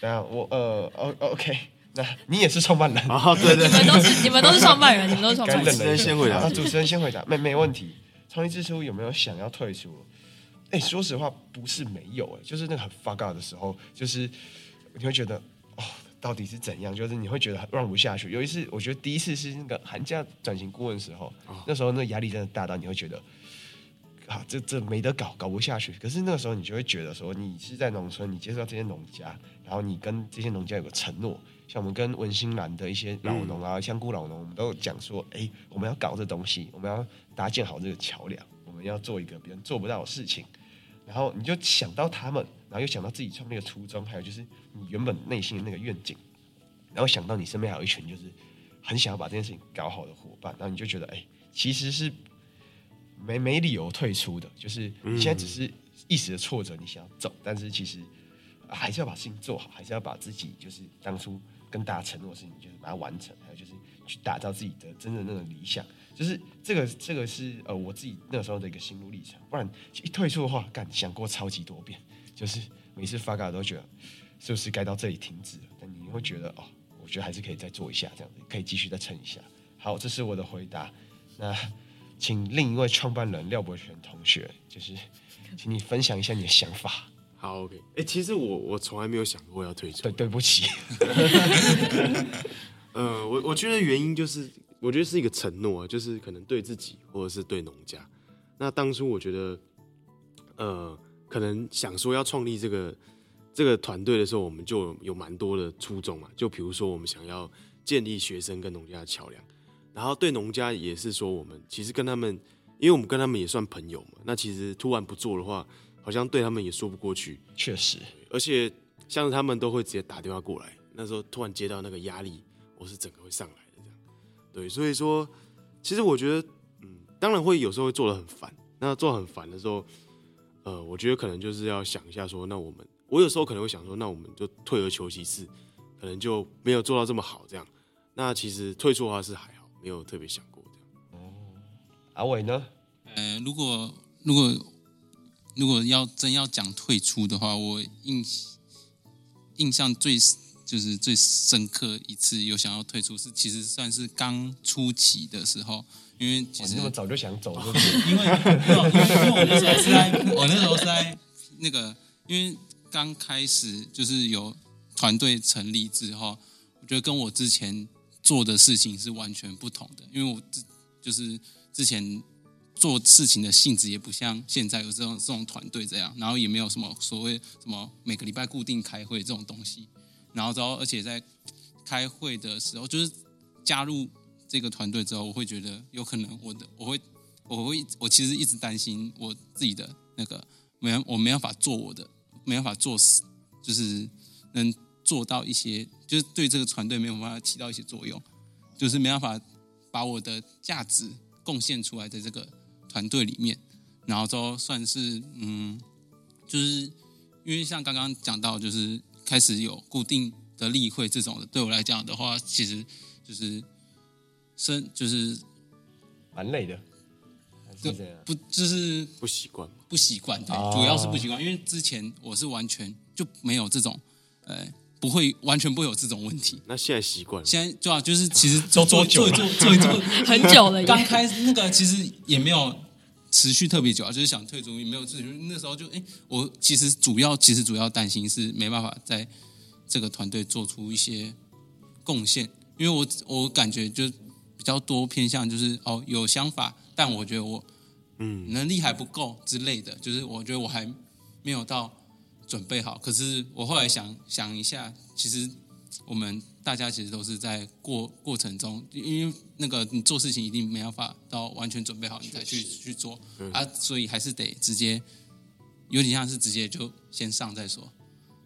等下我呃，哦，OK 那你也是創辦人啊？對對，你們都是你們都是創辦人，你們都是創辦人。主持人先回答，主持人先回答，沒沒問題。創業之初有沒有想要退出？哎、欸，說實話，不是沒有，就是那個很 fuck up 的時候，就是你會覺得哦，到底是怎樣？就是你會覺得很 run 不下去。有一次，我覺得第一次是那個寒假轉型顧問的時候，oh. 那時候那壓力真的大到你會覺得啊，這這沒得搞，搞不下去。可是那個時候你就會覺得說，你是在農村，你接觸到這些農家，然後你跟這些農家有個承諾。像我們跟文心蘭的一些老農啊、嗯、香菇老農，我們都講說：“哎、欸，我們要搞這東西，我們要搭建好這個橋樑，我們要做一個別人做不到的事情。”然後你就想到他們，然後又想到自己創業的初衷，還有就是你原本內心的那個願景，然後想到你身邊還有一群就是很想要把這件事情搞好的夥伴，然後你就覺得：“哎、欸，其實是沒沒理由退出的。”就是現在只是一時的挫折，你想要走，嗯、但是其實、啊、還是要把事情做好，還是要把自己就是當初。跟大家承諾的事情，就是把它完成；還有就是去打造自己的真正的那種理想，就是這個這個是呃我自己那時候的一個心路歷程。不然一退出的話，幹，想過超級多遍，就是每次發稿都覺得是不是該到這裡停止了？但你會覺得哦，我覺得還是可以再做一下，這樣子可以繼續再撐一下。好，這是我的回答。那請另一位創辦人廖博全同學，就是請你分享一下你的想法。好，OK，哎、欸，其實我我從來沒有想過要退出。對，對不起。 呃，我我覺得原因就是，我覺得是一個承諾，啊，就是可能對自己或者是對農家。那當初我覺得，呃，可能想說要創立這個這個團隊的時候，我們就有蠻多的初衷嘛。就比如說，我們想要建立學生跟農家的橋梁，然後對農家也是說，我們其實跟他們，因為我們跟他們也算朋友嘛。那其實突然不做的話，好像對他們也說不過去，確實，而且像是他們都會直接打電話過來。那時候突然接到那個壓力，我是整個會上來的這樣。對，所以說，其實我覺得，嗯，當然會有時候會做得很煩。那做得很煩的時候，呃，我覺得可能就是要想一下說，說那我們，我有時候可能會想說，那我們就退而求其次，可能就沒有做到這麼好這樣。那其實退出的話是還好，沒有特別想過的。哦、嗯，阿偉呢？呃，如果如果。如果要真要講退出的話，我印印象最就是最深刻一次有想要退出，是其實算是剛初期的時候，因為其實你那麼早就想走是不是？了因為 no, 因為我那時候是在我那時候在那個，因為剛開始就是有團隊成立之後，我覺得跟我之前做的事情是完全不同的，因為我之就是之前。做事情的性質也不像現在有這種這種團隊這樣，然後也沒有什麼所謂什麼每個禮拜固定開會這種東西。然後之後，而且在開會的時候，就是加入這個團隊之後，我會覺得有可能我的，我會，我會，我其實一直擔心我自己的那個，沒，我沒辦法做我的，沒辦法做事，就是能做到一些，就是對這個團隊沒有辦法起到一些作用，就是沒辦法把我的價值貢獻出來的這個。團隊裡面，然後都算是嗯，就是因為像剛剛講到，就是開始有固定的例會這種的，對我來講的話，其實就是生就是蠻累的，是這樣，就不就是不習慣，不習慣，對，oh. 主要是不習慣，因為之前我是完全就沒有這種，呃、哎。不會完全不會有這種問題。那現在習慣了，現在就啊，就是其實做、啊、做做做做 很久了。剛開始那個其實也沒有持續特別久，啊，就是想退出也沒有自己，那時候就哎，欸，我其實主要其實主要擔心是沒辦法在這個團隊做出一些貢獻，因為我我感覺就比較多偏向就是哦有想法，但我覺得我嗯能力還不夠之類的，就是我覺得我還沒有到。準備好，可是我後來想想一下，其實我們大家其實都是在過過程中，因為那個你做事情一定沒辦法到完全準備好你再去去做，嗯，啊，所以還是得直接有點像是直接就先上再說，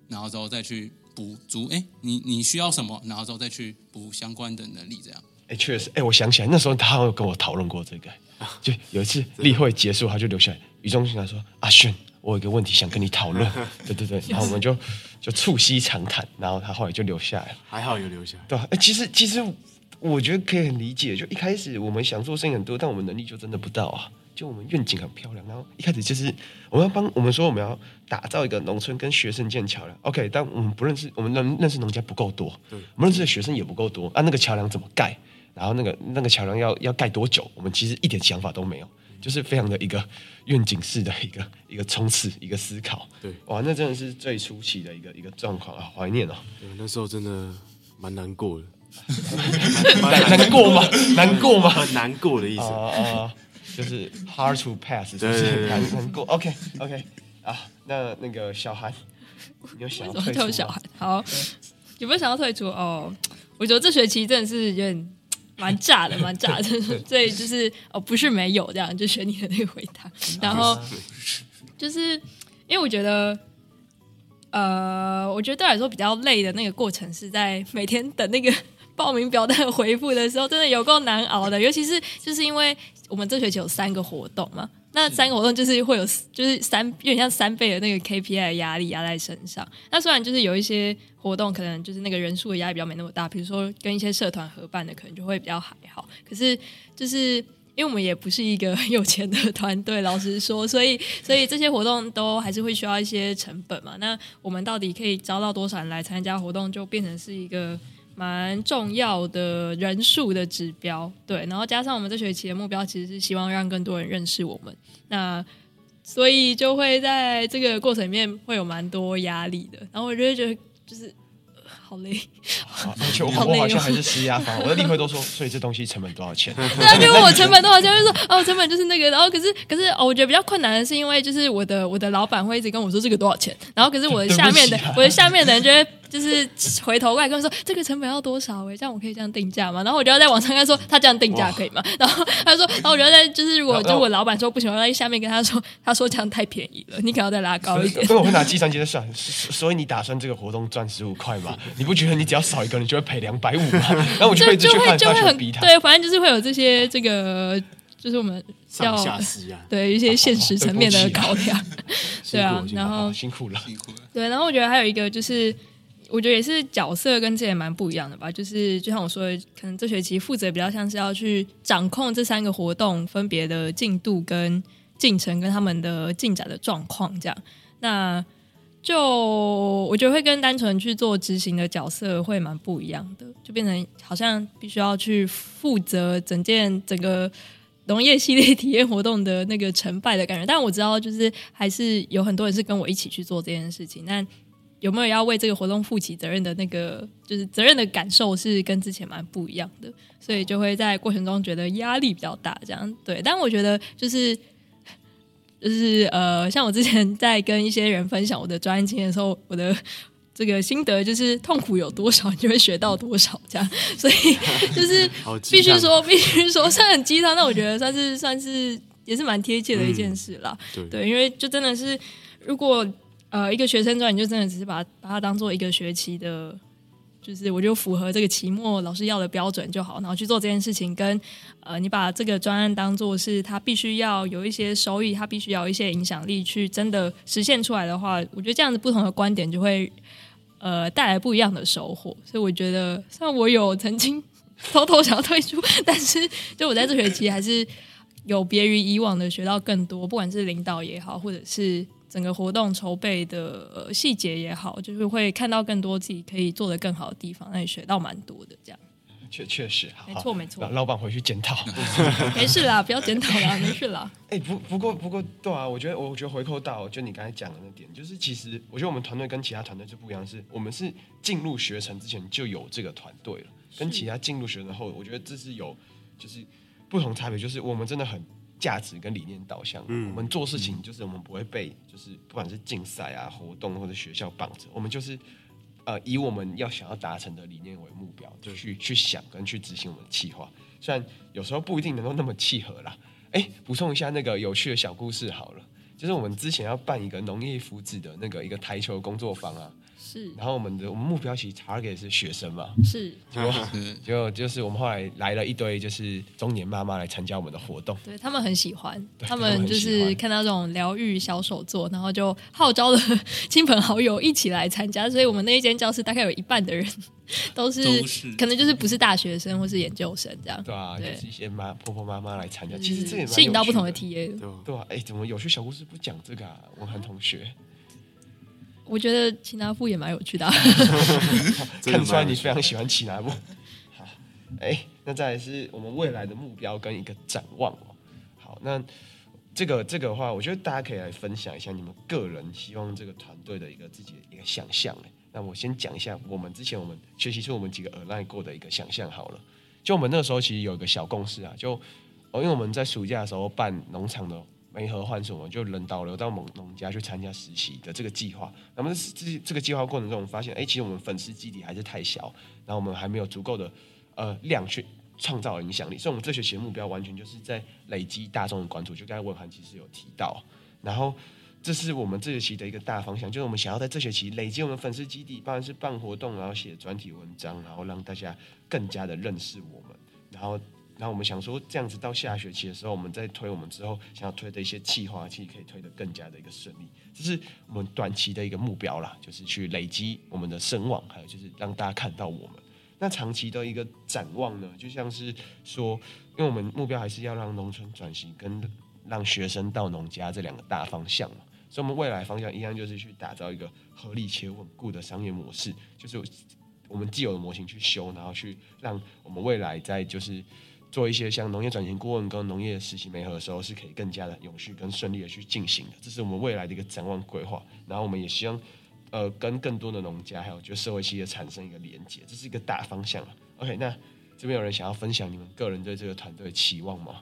然後之後再去補足。哎，欸，你你需要什麼，然後之後再去補相關的能力，這樣。哎，欸，確實，哎，欸，我想起來那時候他有跟我討論過這個，啊，就有一次例會結束，他就留下來，語重心長地說：“阿，啊、鉉。”我有一個問題想跟你討論，對對對， 然後我們就就促膝長談，然後他後來就留下來了，還好有留下來。對，哎、欸，其實其實我覺得可以很理解，就一開始我們想做的事情很多，但我們能力就真的不到啊，就我們願景很漂亮，然後一開始就是我們要幫我們說我們要打造一個農村跟學生建橋梁，OK，但我們不認識我們認認識農家不夠多，我們認識的學生也不夠多啊，那個橋梁怎麼蓋？然後那個那個橋梁要要蓋多久？我們其實一點想法都沒有。就是非常的一個願景式的一個一個衝刺，一個思考。對，哇，那真的是最初期的一個一個狀況啊，懷念哦。那時候真的蠻難過的， 難過嗎？難過嗎？難過的意思啊、呃呃、就是 hard to pass，就是很難過。OK OK，啊，那那個小韓，有想要退出嗎小韓？好，對有沒有想要退出？哦、oh,，我覺得這學期真的是有點。蠻炸的，蠻炸的， 所以就是哦，不是沒有這樣，就選你的那個回答。然後、啊、不是就是因為我覺得，呃，我覺得對我來說比較累的那個過程是在每天等那個報名表單回復的時候，真的有夠難熬。的尤其是，就是因為我們這學期有三個活動嘛。那三個活動就是會有，就是三有點像三倍的那個 KPI 壓力壓在身上。那雖然就是有一些活動可能就是那個人數的壓力比較沒那麼大，比如說跟一些社團合辦的可能就會比較還好。可是就是因為我們也不是一個很有錢的團隊，老實說，所以所以這些活動都還是會需要一些成本嘛。那我們到底可以招到多少人來參加活動，就變成是一個。蠻重要的人數的指標，對，然後加上我們這學期的目標，其實是希望讓更多人認識我們，那所以就會在這個過程裡面會有蠻多壓力的，然後我就會覺得就是。好累，好我好累，哦、我好像還是施壓方，我的李會都說，所以這東西成本多少錢？ 對啊，因為我成本多少錢就說，哦，成本就是那個，然後可是可是哦，我覺得比較困難的是，因為就是我的我的老板會一直跟我說這個多少錢，然後可是我的下面的，啊、我的下面的人就會就是回頭過來跟我說這個成本要多少哎，這樣我可以這樣定價嗎？然後我就要在網上跟他說他這樣定價可以嗎？然後他說，然，哦、後我就得在就是如果好就我老板說不喜歡在下面跟他說，他說這樣太便宜了，你可能要再拉高一點。所以我會拿計算機的算，所以你打算這個活動賺十五塊嗎？你不覺得你只要少一個，你就會賠兩百五嗎？那 我就會一直去犯錯。對，反正就是會有這些這個，就是我們要、啊呃、對一些現實層面的考量，啊啊啊。對啊，然後 辛苦了， 後辛苦了。對，然後我覺得還有一個就是，我覺得也是角色跟這也蠻不一樣的吧。就是就像我說的，可能這學期負責比較像是要去掌控這三個活動分別的進度跟進程跟他們的進展的狀況這樣。那就我覺得會跟單純去做執行的角色會蠻不一樣的，就變成好像必須要去負責整件整個農業系列體驗活動的那個成敗的感覺。但我知道，就是還是有很多人是跟我一起去做這件事情，但有沒有要為這個活動負起責任的那個就是責任的感受是跟之前蠻不一樣的，所以就會在過程中覺得壓力比較大。這樣對，但我覺得就是。就是呃，像我之前在跟一些人分享我的專業經驗的時候，我的這個心得就是：痛苦有多少，你就會學到多少這樣。所以就是必須說，說，必須說，算很雞湯，但我覺得算是算是也是蠻貼切的一件事啦。嗯、對，對，因為就真的是，如果呃一個學生專業，你就真的只是把它把它當做一個學期的。就是我就符合這個期末老師要的標準就好，然後去做這件事情。跟呃，你把這個專案當做是他必須要有一些收益，他必須要有一些影響力去真的實現出來的話，我覺得這樣子不同的觀點就會呃帶來不一樣的收穫。所以我覺得，雖然我有曾經偷偷想要退出，但是就我在這學期還是有別於以往的學到更多，不管是領導也好，或者是。整個活動籌備的細節也好，就是會看到更多自己可以做的更好的地方，那你學到蠻多的這樣。確確實，沒錯沒錯。沒錯，老闆回去檢討， 沒事啦，不要檢討了， 沒事啦。哎、欸，不不過不過，對啊，我覺得我覺得回扣到就你剛才講的那點，就是其實我覺得我們團隊跟其他團隊是不一樣是，是我們是進入學程之前就有這個團隊了，是跟其他進入學程後，我覺得這是有就是不同差別，就是我們真的很。價值跟理念導向，嗯，我們做事情就是我們不會被就是不管是競賽啊、活動或者學校綁着，我們就是呃以我們要想要達成的理念為目標，對就去去想跟去執行我們的計劃。雖然有時候不一定能夠那麼契合啦，哎、欸，補充一下那個有趣的小故事好了，就是我們之前要辦一個農業福祉的那個一個台球工作坊啊。然後我們的我們目標其實 target 是學生嘛，是，就就是我們後來來了一堆就是中年媽媽來參加我們的活動，對，他們很喜歡，他們就是看到這種療癒小手作，然後就號召了親朋好友一起來參加，所以我們那一間教室大概有一半的人都是可能就是不是大學生或是研究生這樣，對啊，就是一些媽婆婆媽媽來參加，其實這也吸引到不同的體驗，對，對啊，哎，怎麼有趣小故事不講這個啊，文涵同學？我覺得其達部也蠻有趣的，啊， 看出來你非常喜歡其達部好，哎、欸，那再來是我們未來的目標跟一個展望哦。好，那這個這個的話，我覺得大家可以來分享一下你們個人希望這個團隊的一個自己的一個想象、欸。那我先講一下我們之前我們學習出我們幾個 online 過的一個想象好了。就我們那時候其實有一個小共識啊，就哦，因為我們在暑假的時候辦農場的。沒合歡什麼，就輪到了到某農家去參加實習的這個計劃。那麼這這個計劃過程中，我們發現，哎，其實我們粉絲基地還是太小，然後我們還沒有足夠的呃量去創造影響力。所以，我們這學期的目標完全就是在累積大眾的關注。就剛才文涵其實有提到，然後這是我們這學期的一個大方向，就是我們想要在這學期累積我們粉絲基地，當然是辦活動，然後寫專題文章，然後讓大家更加的認識我們，然後。那我們想說，這樣子到下學期的時候，我們再推我們之後想要推的一些計劃，其實可以推得更加的一個順利。這是我們短期的一個目標啦，就是去累積我們的聲望，還有就是讓大家看到我們。那長期的一個展望呢，就像是說，因為我們目標還是要讓農村轉型跟讓學生到農家這兩個大方向嘛，所以我們未來方向一樣就是去打造一個合理且穩固的商業模式，就是我們既有的模型去修，然後去讓我們未來在就是。做一些像農業轉型顧問跟農業實習媒合的時候，是可以更加的永續跟順利的去進行的。這是我們未來的一個展望規劃。然後我們也希望，呃，跟更多的農家還有就是社會企業產生一個連接，這是一個大方向啊。OK，那這邊有人想要分享你們個人對這個團隊的期望嗎？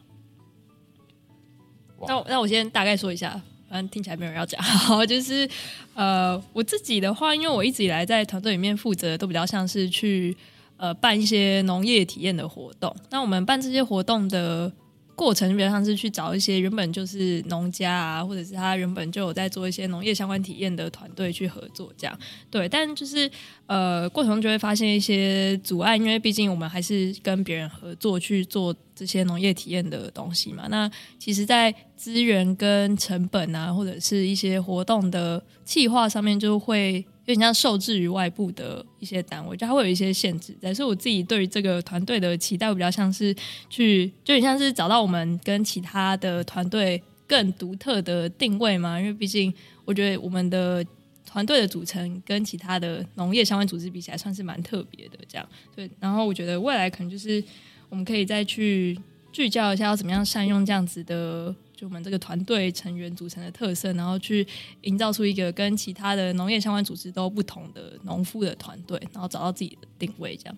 那我，那我先大概說一下，反正聽起來沒有人要講。好，就是呃，我自己的話，因為我一直以來在團隊裡面負責，都比較像是去。呃，辦一些農業體驗的活動。那我們辦這些活動的過程，比較像是去找一些原本就是農家啊，或者是他原本就有在做一些農業相關體驗的團隊去合作，這樣對。但就是呃，過程中就會發現一些阻礙，因為畢竟我們還是跟別人合作去做這些農業體驗的東西嘛。那其實，在資源跟成本啊，或者是一些活動的計劃上面，就會。有點像受制於外部的一些單位，就它會有一些限制。但是我自己對於這個團隊的期待比較像是去，就有點像是找到我們跟其他的團隊更獨特的定位嘛。因為畢竟我覺得我們的團隊的組成跟其他的農業相關組織比起來，算是蠻特別的這樣。對，然後我覺得未來可能就是我們可以再去聚焦一下，要怎麼樣善用這樣子的。就我們這個團隊成員組成的特色，然後去營造出一個跟其他的農業相關組織都不同的農夫的團隊，然後找到自己的定位，這樣。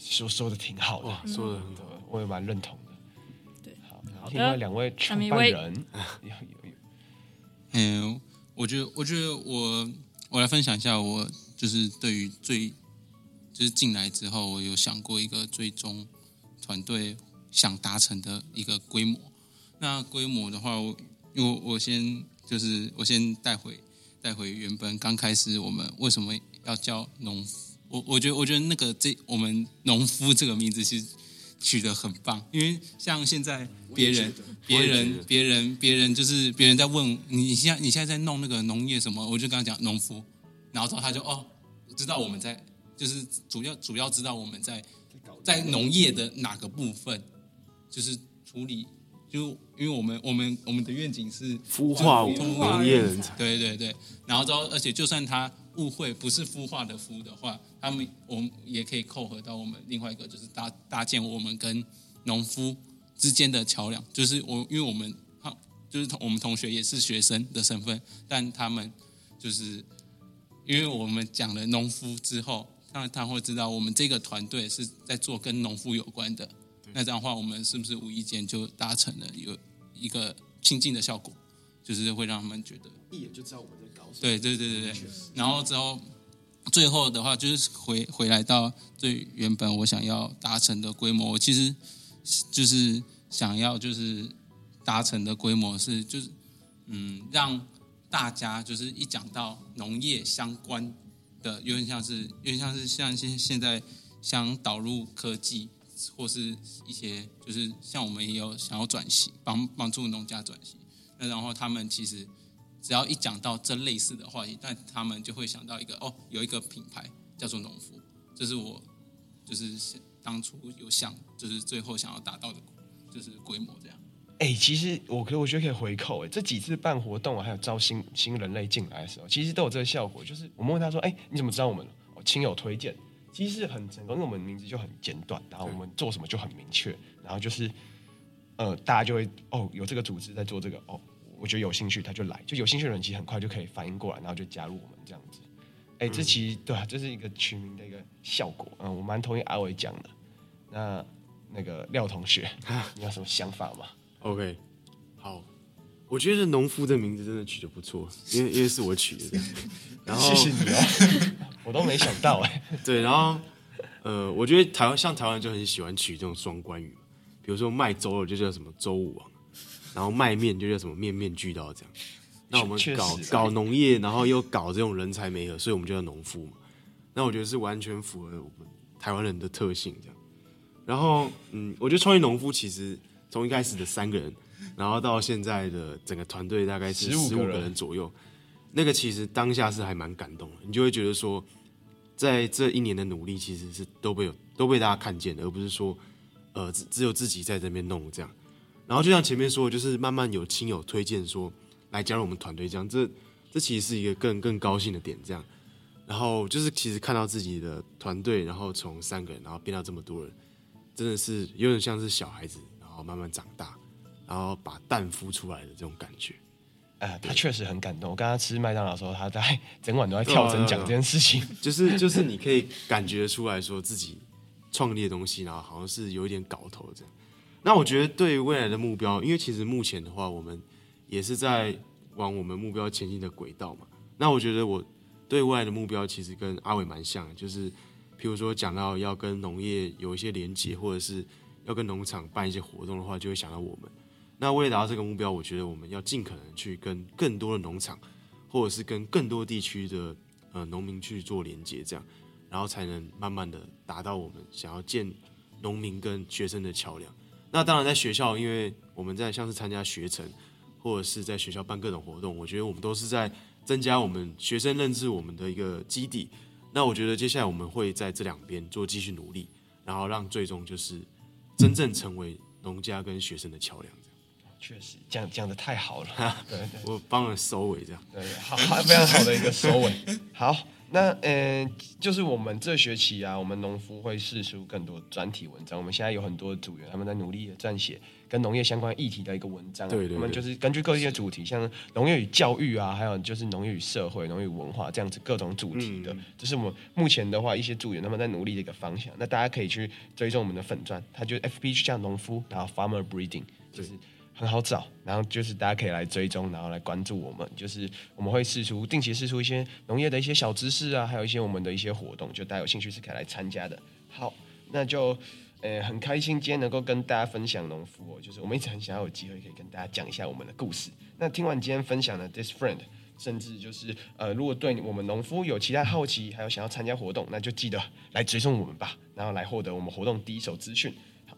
說說的挺好的，嗯、說得的很，我也蠻認同的。對，好，另外 Okay, 兩位創辦人，你好，你好，嗯，我覺得，我覺得我，我我來分享一下我，我就是對於最就是進來之後，我有想過一個最終團隊想達成的一個規模。那規模的話，我我我先就是我先帶回帶回原本剛開始我們為什麼要叫農孵？我我覺得我覺得那個這我們農孵這個名字其實取得很棒，因為像現在別人別人別人別人、別人就是別人在問你，你現在你現在在弄那個農業什麼？我就跟他講農孵，然後之後他就哦知道我們在就是主要主要知道我們在在農業的哪個部分，就是處理。就因為我們我們我們的願景是孵化農業人才，對對對，然後之後，而且就算他誤會不是孵化的孵的話，他們我們也可以扣合到我們另外一個，就是搭搭建我們跟農夫之間的橋梁。就是我因為我們他就是同我們同學也是學生的身份，但他們就是因為我們講了農夫之後，那他，他會知道我們這個團隊是在做跟農夫有關的。那這樣的話，我們是不是無意間就達成了一個一個親近的效果？就是會讓他們覺得一眼就知道我們在搞什麼？對對對對對。明確。然後之後，最後的話就是回回來到最原本我想要達成的規模。我其實就是想要就是達成的規模是就是嗯讓大家就是一講到農業相關的，有點像是有點像是像現現在想導入科技。或是一些，就是像我們也有想要轉型，幫幫助農家轉型。那然後他們其實只要一講到這類似的話題，那他們就會想到一個哦，有一個品牌叫做農孵，這、就是我就是當初有想，就是最後想要達到的，就是規模這樣。誒、欸，其實我可我覺得可以回扣、欸，誒，這幾次辦活動還有招新新人類進來的時候，其實都有這個效果。就是我們問他說，哎、欸，你怎麼知道我們？哦，親友推薦。其實很成功，因為我們名字就很簡短，然後我們做什麼就很明確，對然後就是，呃，大家就會哦，有這個組織在做這個哦，我覺得有興趣他就來，就有興趣的人其實很快就可以反應過來，然後就加入我們這樣子。哎，這其實、嗯、對啊，這是一個取名的一個效果，嗯、呃，我蠻同意阿偉講的。那那個廖同學， 你有什麼想法嗎？OK，好。我覺得“農孵”的名字真的取得不錯，因為因為是我取的，然後謝謝你啊，我都沒想到哎。對，然後呃，我覺得台灣像台灣人就很喜歡取這種雙關語，比如說賣粥就叫什麼“粥王”，然後賣面就叫什麼“面面俱到”這樣。那我們搞實搞農業，然後又搞這種人才媒合，所以我們就叫農孵嘛。那我覺得是完全符合我們台灣人的特性這樣。然後嗯，我覺得創業農孵其實從一開始的三個人。嗯然後到現在的整個團隊大概是十五個，個人左右，那個其實當下是還蠻感動的，你就會覺得說，在這一年的努力其實是都被都被大家看見的，而不是說，只、呃、只有自己在這邊弄這樣。然後就像前面說的，就是慢慢有親友推薦說來加入我們團隊這樣，這這其實是一個更更高興的點這樣。然後就是其實看到自己的團隊，然後從三個人然後變到這麼多人，真的是有點像是小孩子，然後慢慢長大。然後把蛋孵出來的這種感覺，呃、啊，他確實很感動。我剛剛吃麥當勞的時候，他在整晚都在跳針講這件事情，啊啊啊、就是就是你可以感覺出來說自己創立的東西， 然後好像是有一點搞頭這樣。那我覺得對於未來的目標，哦、因為其實目前的話，我們也是在往我們目標前進的軌道嘛。嗯、那我覺得我對未來的目標，其實跟阿偉蠻像的，就是譬如說講到要跟農業有一些連接，或者是要跟農場辦一些活動的話，就會想到我們。那為了達到這個目標，我覺得我們要盡可能去跟更多的農場，或者是跟更多地區的呃農民去做連接，這樣，然後才能慢慢的達到我們想要建農民跟學生的橋梁。那當然在學校，因為我們在像是參加學程，或者是在學校辦各種活動，我覺得我們都是在增加我們學生認知我們的一個基地。那我覺得接下來我們會在這兩邊做繼續努力，然後讓最終就是真正成為農家跟學生的橋梁。確實講講的太好了，啊、對，對，我幫你收尾這樣，對，對，好，非常好的一個收尾。 好，那嗯、呃，就是我們這學期啊，我們農孵會釋出更多專題文章。我們現在有很多的組員，他們在努力的撰寫跟農業相關議題的一個文章。對，對，對，對，他們就是根據各樣的主題，是像農業與教育啊，還有就是農業與社會、農業與文化這樣子各種主題的，這、嗯、是我們目前的話一些組員他們在努力的一個方向。那大家可以去追蹤我們的粉專，它就 FB 像農孵，然後 Farmer Breeding 就是。很好找，然後就是大家可以來追蹤，然後來關注我們，就是我們會釋出定期釋出一些農業的一些小知識啊，還有一些我們的一些活動，就大家有興趣是可以來參加的。好，那就呃很開心今天能夠跟大家分享農孵哦，就是我們一直很想要有機會可以跟大家講一下我們的故事。那聽完今天分享的 this friend，甚至就是呃如果對我們農孵有其他好奇，還有想要參加活動，那就記得來追蹤我們吧，然後來獲得我們活動第一手資訊。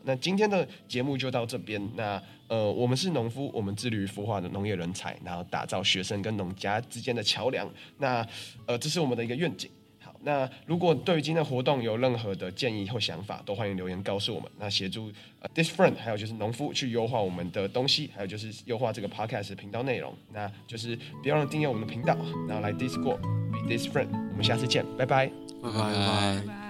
那今天的節目就到這邊。那呃，我們是農孵，我們致力於孵化的農業人才，然後打造學生跟農家之間的橋梁。那呃，這是我們的一個願景。好，那如果對於今天的活動有任何的建議或想法，都歡迎留言告訴我們。那協助、呃、this friend，還有就是農孵去優化我們的東西，還有就是優化這個 podcast 頻道內容。那就是別忘了訂閱我們的頻道，然後來 d i s 過 be this friend。我們下次見，拜拜，拜拜。